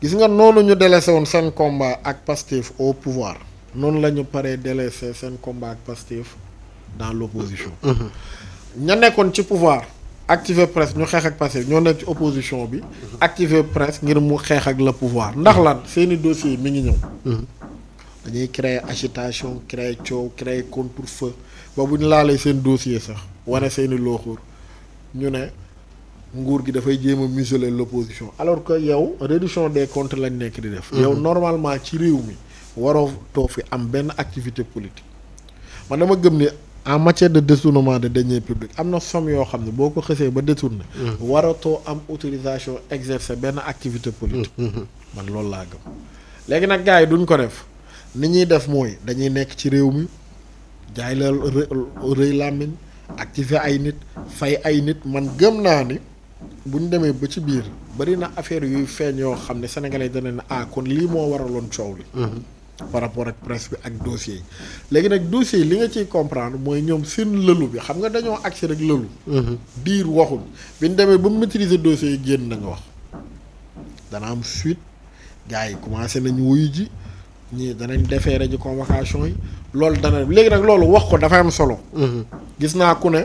gis nga noonu ñu délaissé woon seen combat ak Pastef au pouvoir noonu la ñu paree délaissé seen combat ak Pastef dans l'opposition mhm. ña nekkoon ci pouvoir activer presse ñu xeex ak Pastef ñoo nekk ci opposition bi mhm. activer presse ngir mu xeex ak la pouvoir ndax mhm. la seeni dossier mi ngi ñëw dañuy créer agitation créer coow créer contre-feu ba bu ñu laalee seen dossier sax wane seeni looxoor ñu ne nguur gi dafay jéem a museler l'opposition alors que yow réduction des comptes lañ nekk di def. yow mhm. normalement ci réew mi waroo too fi am benn activité politique man dama gëm ni en matière de détournement de deniers publics am na somme yoo xam ne boo ko xësee ba détourné. Mhm. waratoo am autorisation exercer benn activité politique. Mhm. man loolu laa gëm. léegi nag gars yi duñ ko def ni ñuy def mooy dañuy nekk ci réew mi jaay la rëy làmmiñ activer ay nit fay ay nit man gëm naa ni. bu ñu demee ba ci biir bari na affaire yuy feeñ yoo xam ne sénégalais dana ne ah kon lii moo waraloon coow li. Mhm. par rapport ak presse bi ak dossier yi. léegi nag dossier yi li nga ciy comprendre mooy ñoom seen lëlu bi xam nga dañoo agsi rek lëlu. biir mhm. waxul bi ñu demee ba maîtriser dossier yi génn na nga wax dana am suite gars yi commencé nañu wuyu ji ñii danañ defee rajo convocation yi loolu dana léegi nag loolu wax ko dafa am solo. Mhm. gis naa ku ne.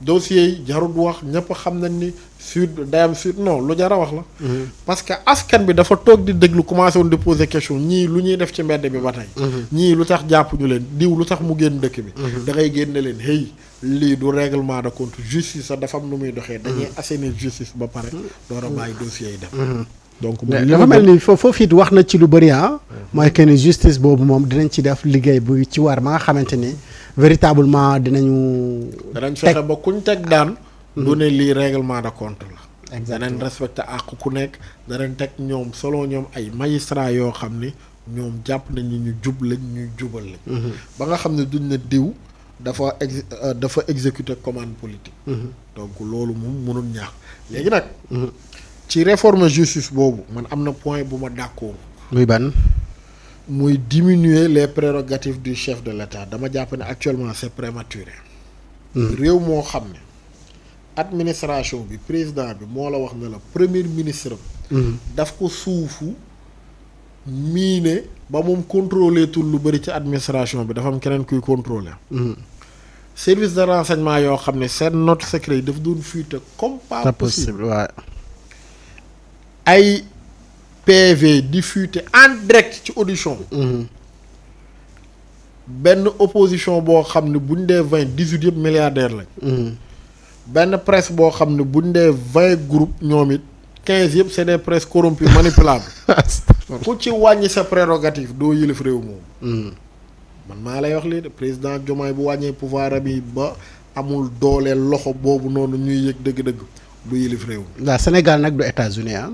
dossiers yi jarut wax ñëpp xam na ni suite day am suite non lu jar a wax la. Mhm. parce que askan bi dafa toog di déglu commencé woon di poser question ñii lu ñuy def ci mbedd bi ba tey. Mhm. ñii lu tax jàpp ñu leen diw lu tax mu génn dëkk bi. Mhm. da ngay génne leen hey lii du règlement de compte justice sax dafa am nu muy doxee. dañuy assainir justice ba pare. door a bàyyi dossiers yi dem. donc dafa mel ni foofu it wax na ci lu bari ah. mooy que ni justice boobu moom dinañ ci def liggéey bu ci war ma nga xamante ni. véritablement dinañu. teg danañ fexe ba kuñ teg daan. lu ne lii réglement de compte la. exactement danañ respecté àq ku nekk danañ teg ñoom solo ñoom ay magistrats yoo xam ni ñoom jàpp nañ ni ñu jub lañ ñuy jubal lañ. Mhm. ba nga xam ne duñ ne diw. dafa ex euh, dafa exécuter commande politique. Mhm. donc loolu moom mënul ñax léegi nag. Mhm. ci réforme justice boobu man am na point bu ma d'accord. muy ban. muy diminuer les prérogatives du chef de l'État dama jàpp ne actuellement c'est prématuré. Hmm. réew moo xam ne administration bi président bi moo la wax ne la premier ministre am. Hmm. daf ko suufu miine ba moom contrôler tul lu bëri ci administration bi dafa am keneen kuy contrôler hmm. service de renseignement yoo xam ne seen not secret yi daf doon fuite comme pas possible waaw PV diffusé en direct ci audition mhm. benn opposition boo xam ne buñ dee vingt dix huit yëpp milliardaire lañ. Mhm. benn presse boo xam ne buñ dee vingt groupe ñoom it quinze yëpp c'est des presses corrompues manipulables. ku ci wàññi sa prérogative doo yëlif réew moom. Mhm. man maa lay wax lii de président Diomaye bu wàññee pouvoir am ba amul dooleel loxo boobu noonu ñuy yëg dëgg-dëgg. bu yilif réew. waaw Sénégal nag du États-Unis ah.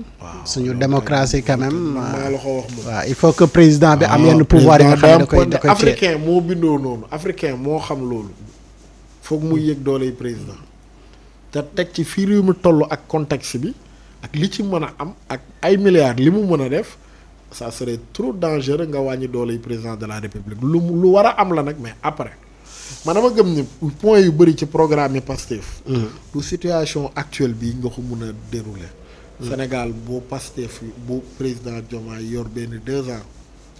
suñu démocratie quand même. maa la ko wax moom waaw il faut que président bi am ah, yenn pouvoir yi nga xam da koy da koy africain moo bindoo noonu africain moo xam loolu. foog muy yëg dooley président. te teg ci fii réew mu toll ak contexte bi ak li ci mën a am ak ay milliards li mu mën a def ça serait trop dangereux nga wàññi dooley président de la république lu lu war a am la nag mais après. man ma gëm ni point yu bëri ci programme yi Pastef mhm. du situation actuelle bi nga ko mun a dérouler mhm. Sénégal bu Pastef bu président Diomaye yor benn deux ans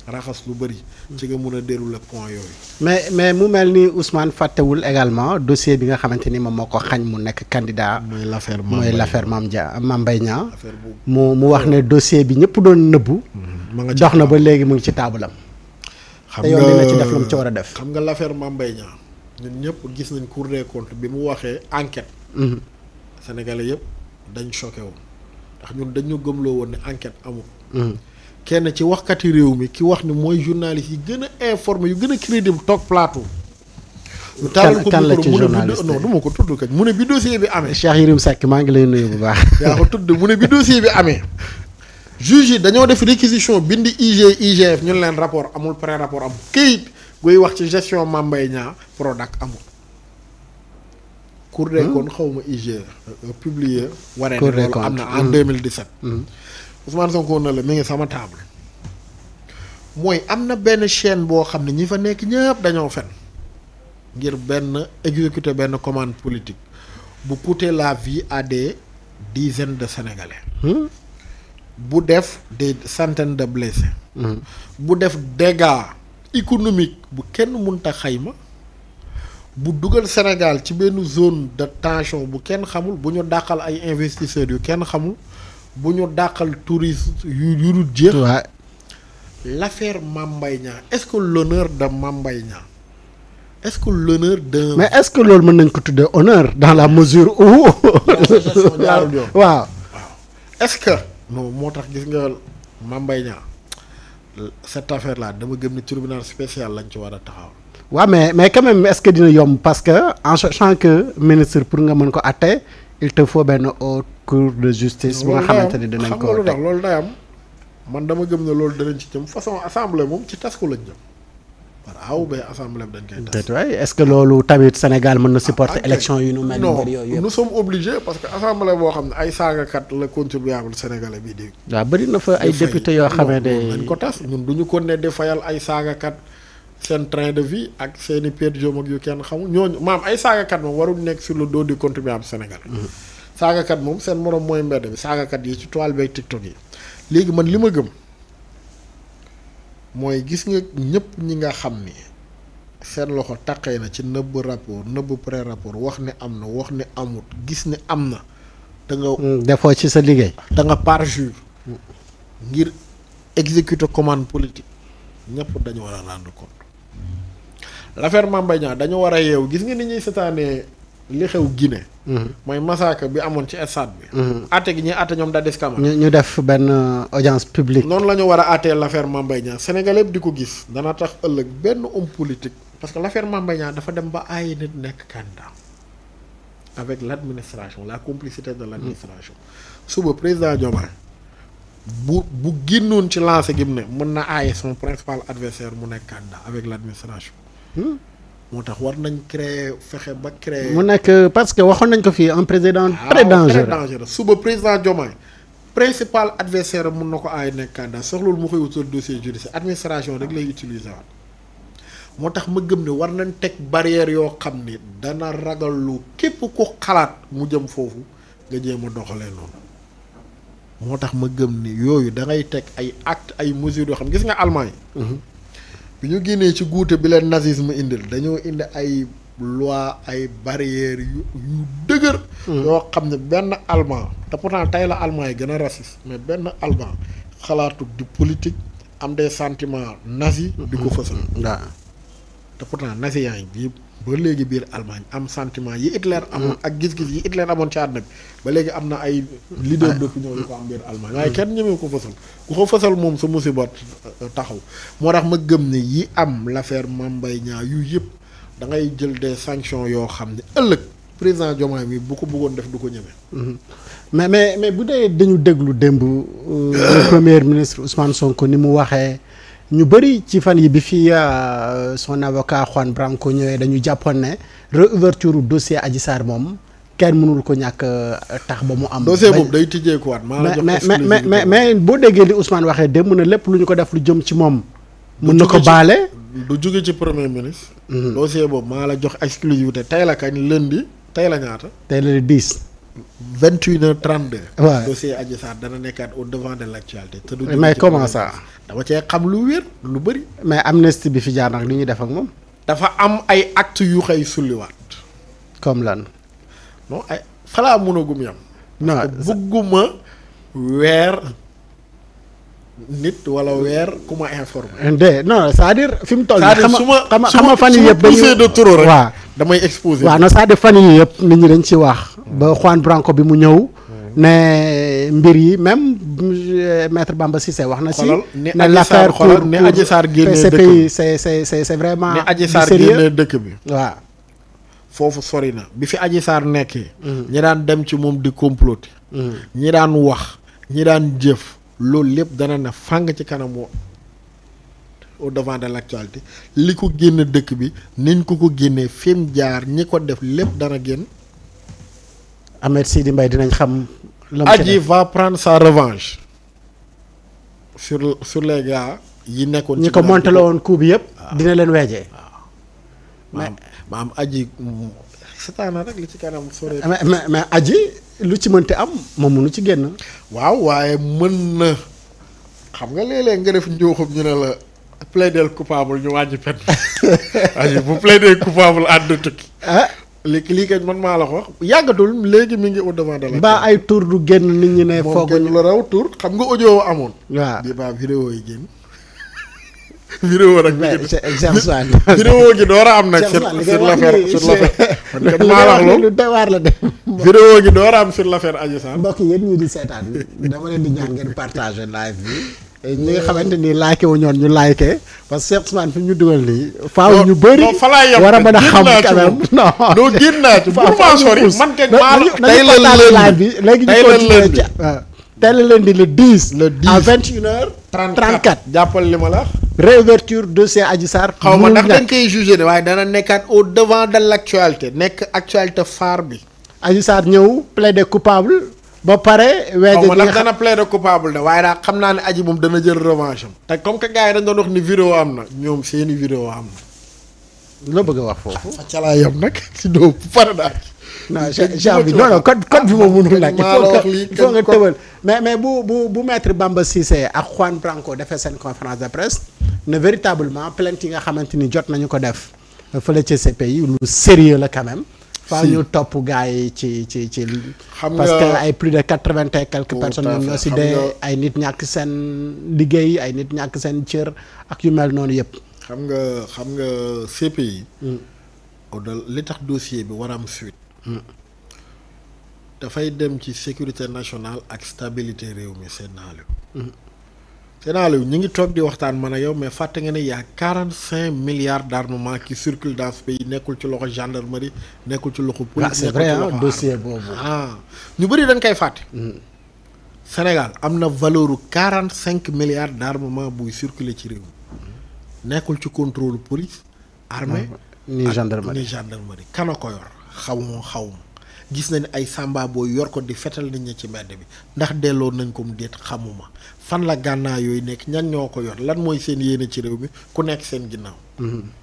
raxas lu bëri. Mhm. ci nga mun a dérouler point yooyu. mais mais mu mel ni Ousmane fàttewul également dossier bi nga xamante ni moom moo ko xañ mu nekk candidat. mooy l'affaire Mame mooy l'affaire Mame Dia Mame Mbaye Niang mu mu wax ne dossier bi ñëpp doon nëbbu. dox na ba léegi mu ngi ci taabalam. xam nga te yoon mu ci war a def. xam nga l'affaire Mame Mbaye Niang ñun ñëpp gis nañ Cour des comptes bi mu waxee enquête. Mm-hmm. Sénégalais yëpp dañ choqué woon ndax ñun dañu gëmloo woon ne enquête amul. Mm-hmm. kenn ci waxkati réew mi ki wax ni mooy journaliste yi gën a informé yu gën a crédible toog plateau. ñu taalal ko micro mu ne ko tudd kañ mu ne bi dossier bi amee. Cheikh Yérim Seck maa ngi lay nuyu bu baax. yaa ko tudd mu ne bi bi amee. juge dañoo def réquisition bindi IG IGF ñun leen rapport amul pré rapport amul këyit guy wax ci gestion Mame Mbaye Niang Prodac amul cour des hmm? comptes xawma IG euh, euh, publié waree ne loolu am na en 2017 hmm. hmm. Ousmane Sonko na la mi ngi sama table mooy am na benn chaine boo xam ne ñi fa nekk ñëpp dañoo fen ngir benn exécuter benn commande politique bu coûter la vie à des dizaines de Sénégalais bu def de centaines de blessés. Mhm. bu def dégâts économique bu kenn munta xayma bu dugal Sénégal ci benn zone de tension bu kenn xamul bu ñu dàqal ay investisseurs yu kenn xamul bu ñu dàqal touristes yu yurut jeex l'affaire Mame Mbaye Niang est-ce que de Mame Mbaye Niang est-ce de mais est-ce que loolu mën nañ ko tuddee honneur dans la mesure où waaw waaw ce que non moo tax gis nga Mame Mbaye Niang cette affaire là dama gëm ni tribunal spécial lañ ci war a taxaw. waaw mais mais quand même est-ce que dina yomb parce que en sachant que ministre pour nga mën ko àtte il te faut benn haute cour de justice. bu nga xamante ni dinañ ko teg loolu day am man dama gëm ne loolu danañ ci jëm façon assemblée moom ci tas ko lañ jëm. par A ah ou B assemblée bi dañ koy tas. déet est-ce que loolu tamit Sénégal mën na supporter ah, élection yu nu mel. non nous sommes obligés parce que assemblée boo xam ne ay saagakat la contribuable sénégalais bi di. waaw bëri na fa ay député yoo xam ne dañ ko tas ñun du ñu ko ne fayal ay saagakat seen train de vie ak seen i pér ak yu kenn xamul ñooñu maam ay saagakat moom warul nekk sur le dos du contribuable sénégalais. Mhm. saagakat moom seen morom mooy mbedd bi saagakat yi ci toile beeg TikTok yi léegi man li ma gëm. mooy gis nga ñëpp ñi nga xam ni seen loxo taqee na ci nëbb rapport nëbb pré rapport wax ne am na wax ne amut gis ne am na da nga hmm, defoo ci sa liggéey da nga parjure ngir exécuter commande politique ñëpp dañu war a rendre compte l'affaire Mame dañu war a yeew gis nga ni ñuy setaanee li xew Guinée. Mhm. mooy massacre bi amoon ci stade bi. àtte mhm. gi ñuy àtte ñoom Dadis Camara. ñu ñu def benn euh, audience publique. noonu la ñu war a àttee l' affaire Mame Mbaye di ko gis. dana tax ëllëg benn homme politique. parce que l' affaire Mame Mbaye Niang dafa dem ba ay nit nekk candidat avec l' administration la complicité de l' administration. Mhm. suba président Diomaye bu bu génnoon ci lancé gi ne mën na aaye son principal adversaire mu nekk candidat avec l' administration. Hmm? moo tax war nañ créer fexe ba créer. mu nekk parce que waxoon nañ ko fii en président. Ah, très dangereux très suba président Diomaye principal adversaire mun na ko aay nekk candidat soxlawul mu koy wutal dossier judiciaire administration rek lay utiliser moo tax ma gëm ne war nañ teg barrière yoo xam ni dana ragal lu képp ku xalaat mu jëm foofu nga jéem a doxalee noonu moo tax ma gëm ni yooyu da ngay teg ay acte ay mesures yoo xam gis nga Allemagne. Mhm. bi ñu génnee ci guute bi leen nazisme indil dañoo indi ay loi ay barrières yu dëgër. Hmm. yoo xam ne benn allemand te pourtant tey la allemand yi gën a raciste mais benn allemand xalaatu di politique am des sentiments nazi. di ko hmm. fësal. waaw te pourtant nazi yaa ngi ba léegi biir Allemagne am sentiment yi Hitler amoon mm. ak gis-gis yi Hitler amoon ci àdduna bi ba léegi am na ay leader ah. d'opinion yu ko am biir Allemagne mm. waaye kenn ñemewu ko fësal ku ko fasal moom sa musiba euh, taxaw moo tax ma gëm ne yi am l'affaire ma mbay Niang yu yëpp da ngay jël des sanctions yoo xam ne ëllëg président Diomaye mi bu ko bëggoon def du ko ñeme mm-hmm. mais mais mais bu dee dañu déglu démb euh, premier ministre Ousmane sonk ni mu waxee ñu bëri ci fan yi bi fii euh, son avocat Juan Branco ñëwee dañu jàppoon ne réouverture dossier Adji Sarr moom kenn mënul ko ñàkk euh, tax ba mu am. dossier boobu day tijjee ko waat maa la jox mais mais mais boo déggee li Ousmane waxee démb na lépp lu ñu ko def lu jëm ci moom. mën na ko baale du jóge ci premier ministre. Mhm. dossier boobu maa la jox exclusivité tey la kañ lundi tey la ñaata. tey la le 10. vingt une heures trente deux. waaw dossier Adji Sarr dana nekkaat de l' actualité. te du mais comment ça. dama cee xam lu wér lu bëri. mais amnistie bi fi jaar nag li ñuy defak moom. dafa am ay act yu xëy sulliwaat. comme lan. non ay falaa mënagum yam. non bëgguma weer nit wala weer ku ma informé. de non c'est-à-dire fi mu toll. xam-xam fan yii yëpp dañuy de trop rek. waaw damay exposé. waaw non c'est-à-dire fan yii yëpp nit ñi dañ ci wax. ba Juan Branco bi mu ñëw. Hmm. ne mbir yi même euh, maître Bamba Cissé wax na si. ne l'affaire pour ne Adji Sarr génne dëkk bi c'est c'est vraiment. ne Adji Sarr génne dëkk bi waaw. foofu sori na bi fi Adji Sarr nekkee. Hmm. ñi daan dem ci moom di comploter. Hmm. ñi daan wax ñi daan jëf loolu lépp dana ne fàng ci kanamu au devant de l'actualité li ko génne dëkk bi niñ ko ko génnee fi mu jaar ñi ko def lépp dana génn. Ahmed di mbay dinañ xam. la Adji va prendre sa revanche. sur sur les yi nekkoon. ñi ko monté la woon coup bi yëpp. Ah. dina leen weejee. waaw ah. maam Adji sataana rek li ci kenam sore mais mais mais lu ci mënti am moom mënu ci génn. waaw waaye mën na. xam nga léeg-léeg nga def njuuxum ñu ne la. plaider coupable ñu wàññi pen Adji bu plaider coupable ànd tukki. Ah. léegi lii kañ man maa la ko léegi mi ngi au la. mbaa ay tour du génn nit ñi ne. foog moom la raw tour xam nga audio amoon. waaw bi baa vidéo yi génn. vidéo nag. mais door a am nag. sur sur l' affaire sur l' affaire. man di seetaan dama leen di ñaan ngeen partager live bi. ñi nga xamante ni laayke wu ñoon ñu laayke parce que Cheikh Ousmane fi ñu dugal lii. faaw ñu bëri war a mën a xam quand même non. non génn naa ci pour ma sori man kay maa tey la lënd bi ci tey la lënd le 10. le 10 à jàppal li ma la. réouverture dossier Adji xaw ma ndax dañ koy jugé ne waaye dana nekkaat au devant de l' actualité nekk actualité phare bi. Adji Sarr ñëw de coupable. ba pare. weeja ji nga dana plaider coupable de waaye daal xam naa ne aji moom dana jël revanche am. te comme que gars yi dañ doon wax ni vidéo am na ñoom seeni vidéo am na. loo bëgg a wax foofu. acca laa yem nag si doo pare daal. non genre bi non non code code bi moom mënul nag. il nga tëbal mais mais bu bu bu maître Bamba Cissé ak Juan Branco defee seen conférence de presse ne véritablement plainte yi nga xamante ni jot nañu ko def fële ci CPI lu sérieux la quand faaw ñu topp gars yi ci ci ci. xam nga ay plus de quatre vingt et quelques personnes. ñoom ñoo si dee ay nit ñàkk seen liggéey ay nit ñàkk seen cër ak yu mel noonu yëpp. xam nga xam nga CPI. Hmm. li tax dossier bi war a am suite. Hmm. dafay dem ci sécurité nationale ak stabilité réew mi seen naal seen Aliou ñu ngi toog di waxtaan man a yow mais fàtte nga ne y' a quarante cinq milliards d' armement qui circulent dans ce pays nekkul ci loxo gendarmerie nekkul ci loxo police. c'est vrai dossier boobu ah ñu bëri dañ koy fàtte. Mm. Sénégal am na valeur quarante cinq milliards d' armement buy circuler ci réew nekkul ci contrôle police. armée ah, ni gendarmerie ni gendarmerie kan ko yor xaw mu xaw ma gis nañ ay sàmba boo yor ko di fetal nit ñi ci mbedd bi ndax delloo nañ ko mu déet xamuma fan la gànnaa yooyu nekk ñan ñoo ko yor lan mooy seen yéene ci réew mi ku nekk seen ginnaaw. Mm-hmm.